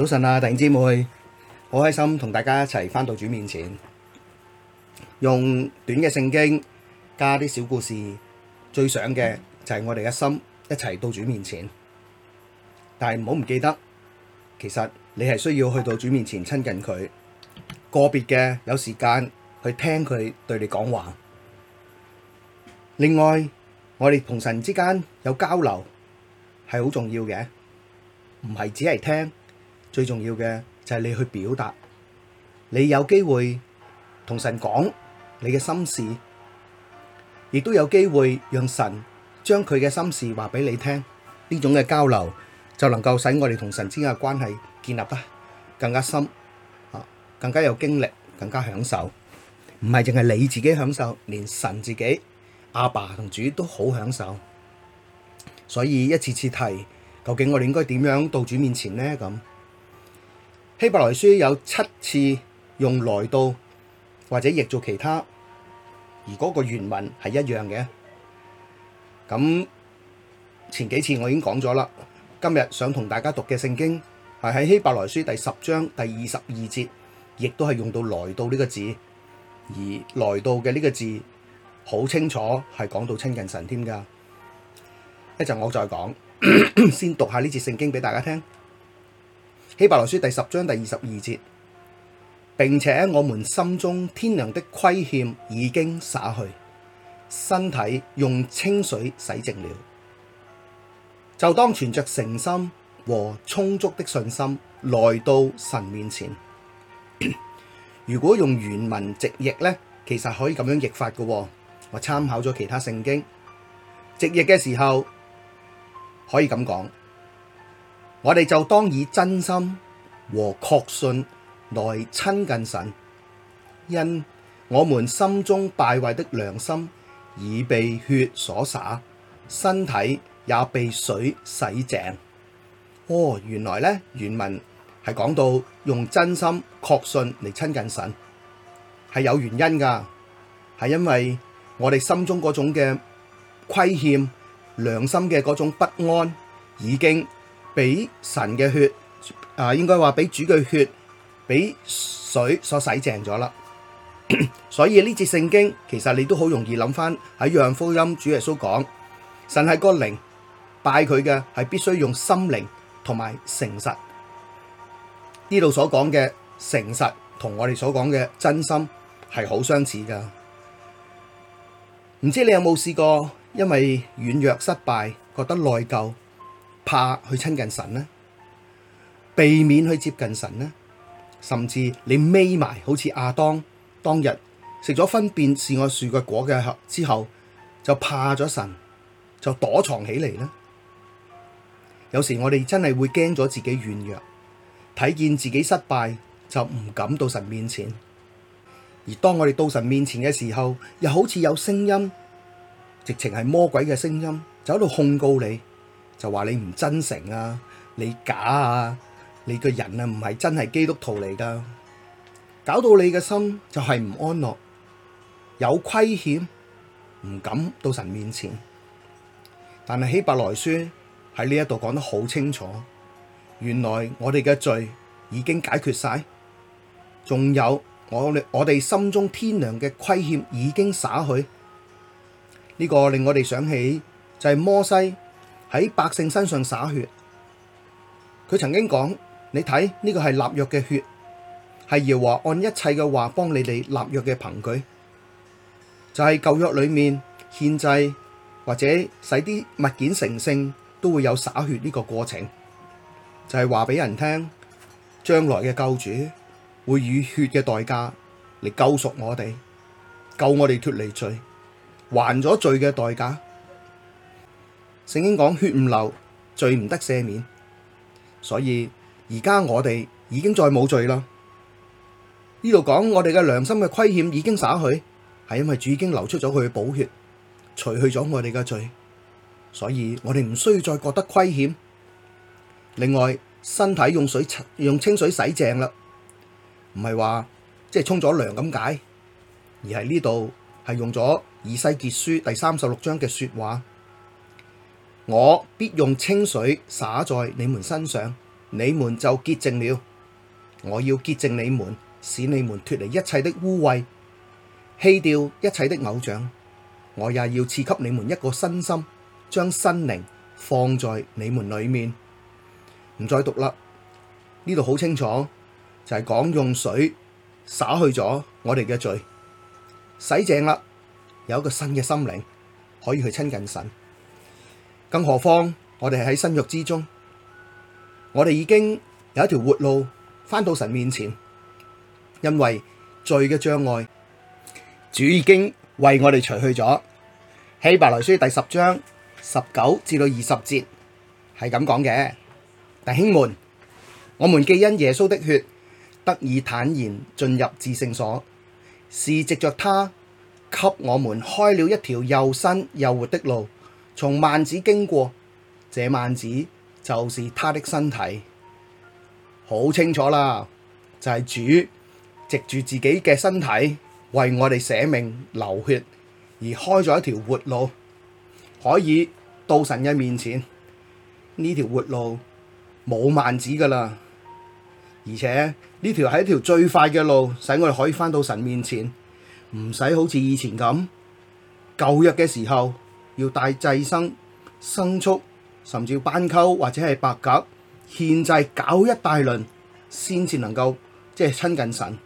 早晨啊，弟兄姊妹，好開心同大家一齊返到主面前，用短嘅聖經加啲小故事，最想嘅就係我哋嘅心一齊到主面前。但係唔好唔記得，其實你係需要去到主面前親近佢，個別嘅有時間去聽佢對你講話。另外，我哋同神之間有交流係好重要嘅，唔係只係聽。最重要嘅就係你去表達，你有機會同神講你嘅心事，亦都有機會讓神將佢嘅心事話俾你聽。呢種嘅交流就能夠使我哋同神之間嘅關係建立得更加深，更加有經歷，更加享受。唔係淨係你自己享受，連神自己、阿爸同主都好享受。所以一次次提，究竟我哋應該點樣到主面前呢？咁？希伯來書有七次用來到或者譯做其他，而嗰個原文係一樣嘅。咁前幾次我已經講咗啦，今日想同大家讀嘅聖經係喺希伯來書第十章第二十二節，亦都係用到來到呢個字，而來到嘅呢個字好清楚係講到親近神添噶。一陣我再講，先讀下呢節聖經俾大家聽。希伯來書第十章第二十二節，並且我們心中天良的虧欠已經灑去，身體用清水洗淨了，就當存着誠心和充足的信心來到神面前。 如果用原文直譯呢，其實可以咁樣譯法嘅，哦，我參考咗其他聖經直譯嘅時候，可以咁講。我哋就當以真心和確信來親近神，因我們心中敗壞的良心已被血所灑，身體也被水洗淨。哦，原來咧，原文係講到用真心確信嚟親近神，係有原因㗎，係因為我哋心中嗰種嘅虧欠、良心嘅嗰種不安已經。俾神嘅血，啊，應該話俾主嘅血，俾水所洗淨咗啦。所以呢節聖經，其實你都好容易諗翻喺《約翰福音》，主耶穌講神係個靈，拜佢嘅係必須用心靈同埋誠實。呢度所講嘅誠實，同我哋所講嘅真心係好相似噶。唔知你有冇試過因為軟弱失敗，覺得內疚？怕去親近神呢，避免去接近神呢，甚至你眯埋，好似阿當當日食咗分辨善惡樹嘅果嘅之後，就怕咗神，就躲藏起嚟呢。有時我哋真係會驚咗自己軟弱，睇見自己失敗就唔敢到神面前，而當我哋到神面前嘅時候，又好似有聲音，直情係魔鬼嘅聲音，就喺度控告你。就話你唔真誠啊，你假啊，你個人啊唔係真係基督徒嚟噶，搞到你嘅心就係唔安樂，有虧欠，唔敢到神面前。但係希伯來書喺呢一度講得好清楚，原來我哋嘅罪已經解決晒，仲有我我哋心中天良嘅虧欠已經灑去，呢、這個令我哋想起就係、是、摩西。喺百姓身上灑血，佢曾經講：你睇呢個係立約嘅血，係耶和華按一切嘅話幫你哋立約嘅憑據。就係舊約裏面獻祭，或者使啲物件成聖，都會有灑血呢個過程。就係話俾人聽，將來嘅救主會以血嘅代價嚟救贖我哋，救我哋脫離罪，還咗罪嘅代價。聖經講，血唔流罪唔得赦免，所以而家我哋已經再冇罪啦。呢度講我哋嘅良心嘅虧欠已經灑去，係因為主已經流出咗佢嘅寶血，除去咗我哋嘅罪，所以我哋唔需要再覺得虧欠。另外，身體用水用清水洗淨啦，唔係話即係沖咗涼咁解，而係呢度係用咗以西結書第三十六章嘅說話。我必用清水灑在你們身上，你們就潔淨了。我要潔淨你們，使你們脫離一切的污穢，棄掉一切的偶像。我也要賜給你們一個新心，將新靈放在你們裏面，唔再讀嘞。呢度好清楚，就係、是、講用水灑去咗我哋嘅罪，洗淨啦，有一個新嘅心靈可以去親近神。更何況我哋係喺新約之中，我哋已經有一條活路返到神面前，因為罪嘅障礙，主已經為我哋除去咗。希伯來書第十章十九至到二十節係咁講嘅，弟兄們，我們既因耶穌的血得以坦然進入至聖所，是藉着祂給我們開了一條又新又活的路。從幔子經過，這幔子就是他的身體，好清楚啦，就係、是、主藉住自己嘅身體為我哋捨命流血而開咗一條活路，可以到神嘅面前。呢條活路冇幔子噶啦，而且呢條係一條最快嘅路，使我哋可以翻到神面前，唔使好似以前咁舊約嘅時候。要大祭生生畜，甚至斑鳩或者係白鴿，獻祭搞一大輪，先至能夠即係親近神。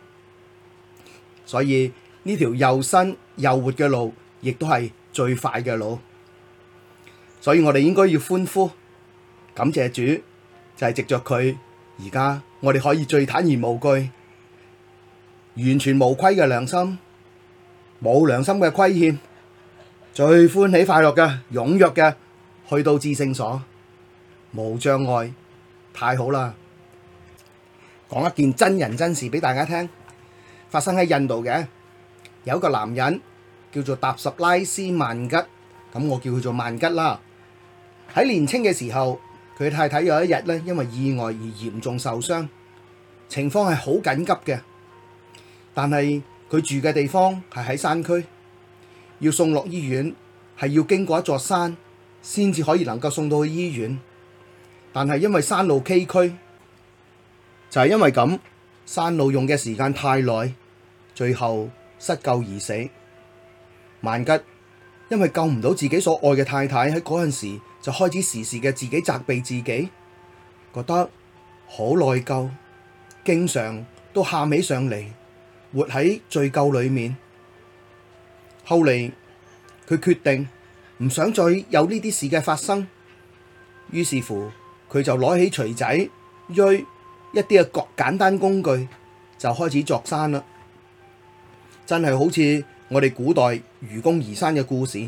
所以呢條又新又活嘅路，亦都係最快嘅路。所以我哋應該要歡呼，感謝主，就係、是、藉着佢而家，我哋可以最坦然無懼，完全無虧嘅良心，冇良心嘅虧欠。最歡喜快樂嘅踊躍嘅，去到至聖所，無障礙，太好啦！講一件真人真事俾大家聽，發生喺印度嘅，有一個男人叫做達什拉斯曼吉，咁我叫佢做曼吉啦。喺年青嘅時候，佢太太有一日呢因為意外而嚴重受傷，情況係好緊急嘅，但係佢住嘅地方係喺山區。要送落醫院係要經過一座山，先至可以能夠送到去醫院。但係因為山路崎嶇，就係、是、因為咁山路用嘅時間太耐，最後失救而死。曼吉因為救唔到自己所愛嘅太太，喺嗰陣時就開始時時嘅自己責備自己，覺得好內疚，經常都喊起上嚟，活喺罪咎裏面。後嚟佢決定唔想再有呢啲事嘅發生，於是乎佢就攞起錘仔、錐一啲嘅角簡單工具就開始鑿山啦。真係好似我哋古代愚公移山嘅故事，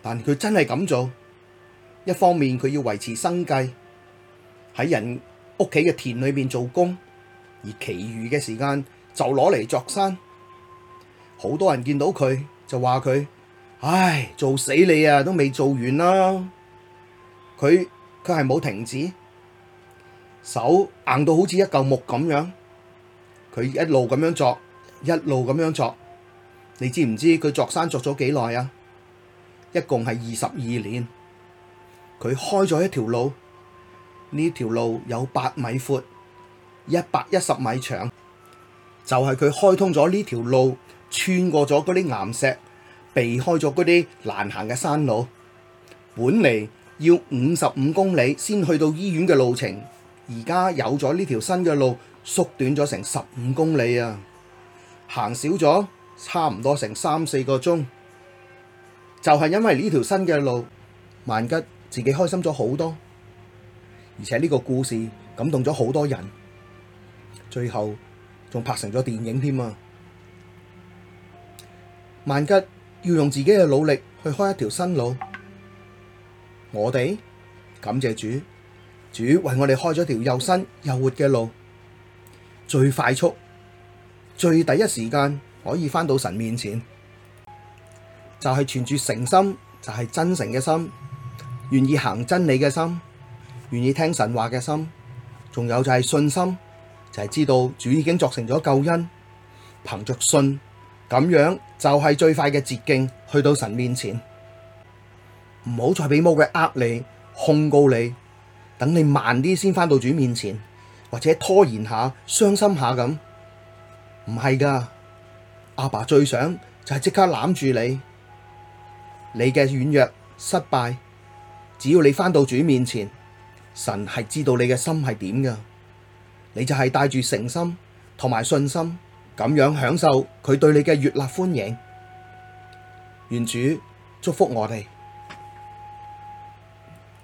但佢真係咁做。一方面佢要維持生計，喺人屋企嘅田裏面做工，而其餘嘅時間就攞嚟鑿山。好多人見到佢就話佢，唉，做死你啊，都未做完啦、啊！佢佢係冇停止，手硬到好似一嚿木咁樣。佢一路咁樣作，一路咁樣作。你知唔知佢作山作咗幾耐啊？一共係二十二年。佢開咗一條路，呢條路有八米闊，一百一十米長，就係、是、佢開通咗呢條路。穿過咗嗰啲岩石，避開咗嗰啲難行嘅山路。本嚟要五十五公里先去到醫院嘅路程，而家有咗呢條新嘅路，縮短咗成十五公里啊！行少咗，差唔多成三四個鐘。就係、是、因為呢條新嘅路，萬吉自己開心咗好多，而且呢個故事感動咗好多人，最後仲拍成咗電影添啊！萬吉要用自己嘅努力去開一條新路，我哋感謝主，主為我哋開咗條又新又活嘅路，最快速、最第一時間可以返到神面前，就係存住誠心，就係真誠嘅心，願意行真理嘅心，願意聽神話嘅心，仲有就係信心，就係知道主已經作成咗救恩，憑着信。咁樣就係最快嘅捷徑，去到神面前，唔好再畀魔鬼呃你、控告你，等你慢啲先返到主面前，或者拖延下、傷心下咁，唔係噶。阿爸最想就係即刻攬住你，你嘅軟弱、失敗，只要你返到主面前，神係知道你嘅心係點噶，你就係帶住誠心同埋信心。咁樣享受佢對你嘅熱辣歡迎，願主祝福我哋。